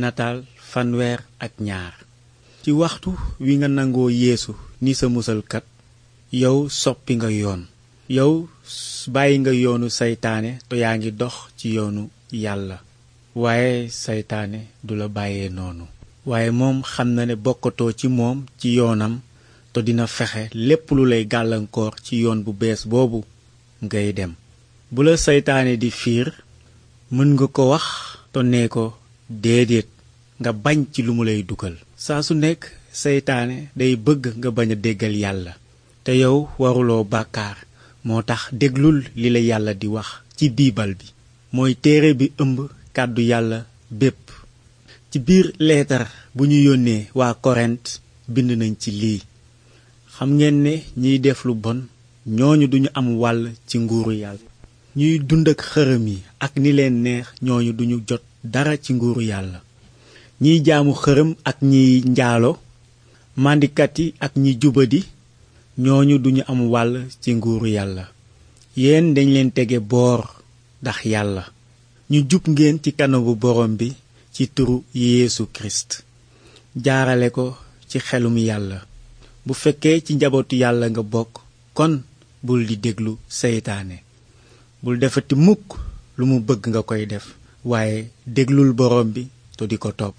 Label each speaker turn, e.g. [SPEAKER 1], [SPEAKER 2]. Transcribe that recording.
[SPEAKER 1] nataal fanweer ak ñaar ci waxtu wi nga nangoo yéesu ni sa musalkat yow soppi nga yoon yow bàyyi nga yoonu saytaane te yaa ngi dox ci yoonu yàlla waaye saytaane du la bàyyee noonu waaye moom xam na ne bokkatoo ci moom ci yoonam te dina fexe lépp lu lay gàllankoor ci yoon bu bees boobu ngay dem bu la saytaane di fiir mën nga ko wax te nee ko déedéet nga bañ ci lu mu lay dugal saa su nekk seytaane day bëgg nga bañ a déggal yàlla te yow waruloo bàkkaar moo tax déglul li la yàlla di wax ci biibal bi mooy téere bi ëmb kàddu yàlla bépp ci biir leetar bu ñu yónnee waa korent bind nañ ci lii xam ngeen ne ñuy def lu bon ñooñu duñu am wàll ci nguuru yàlla ñuy dund ak xërëm yi ak ni leen neex ñooñu duñu jot dara ci nguuru yàlla ñiy jaamu xërëm ak ñiy njaaloo màndikat yi ak ñi jubadi ñooñu duñu am wàll ci nguuru yàlla yéen dañ leen tege boor ndax yàlla ñu jub ngeen ci kanamu borom bi ci turu yéesu Kirist jaarale ko ci xelum yàlla bu fekkee ci njabootu yàlla nga bokk kon bul di déglu seytaane bul defati mukk lu mu bëgg nga koy def waaye déglul borom bi te di ko topp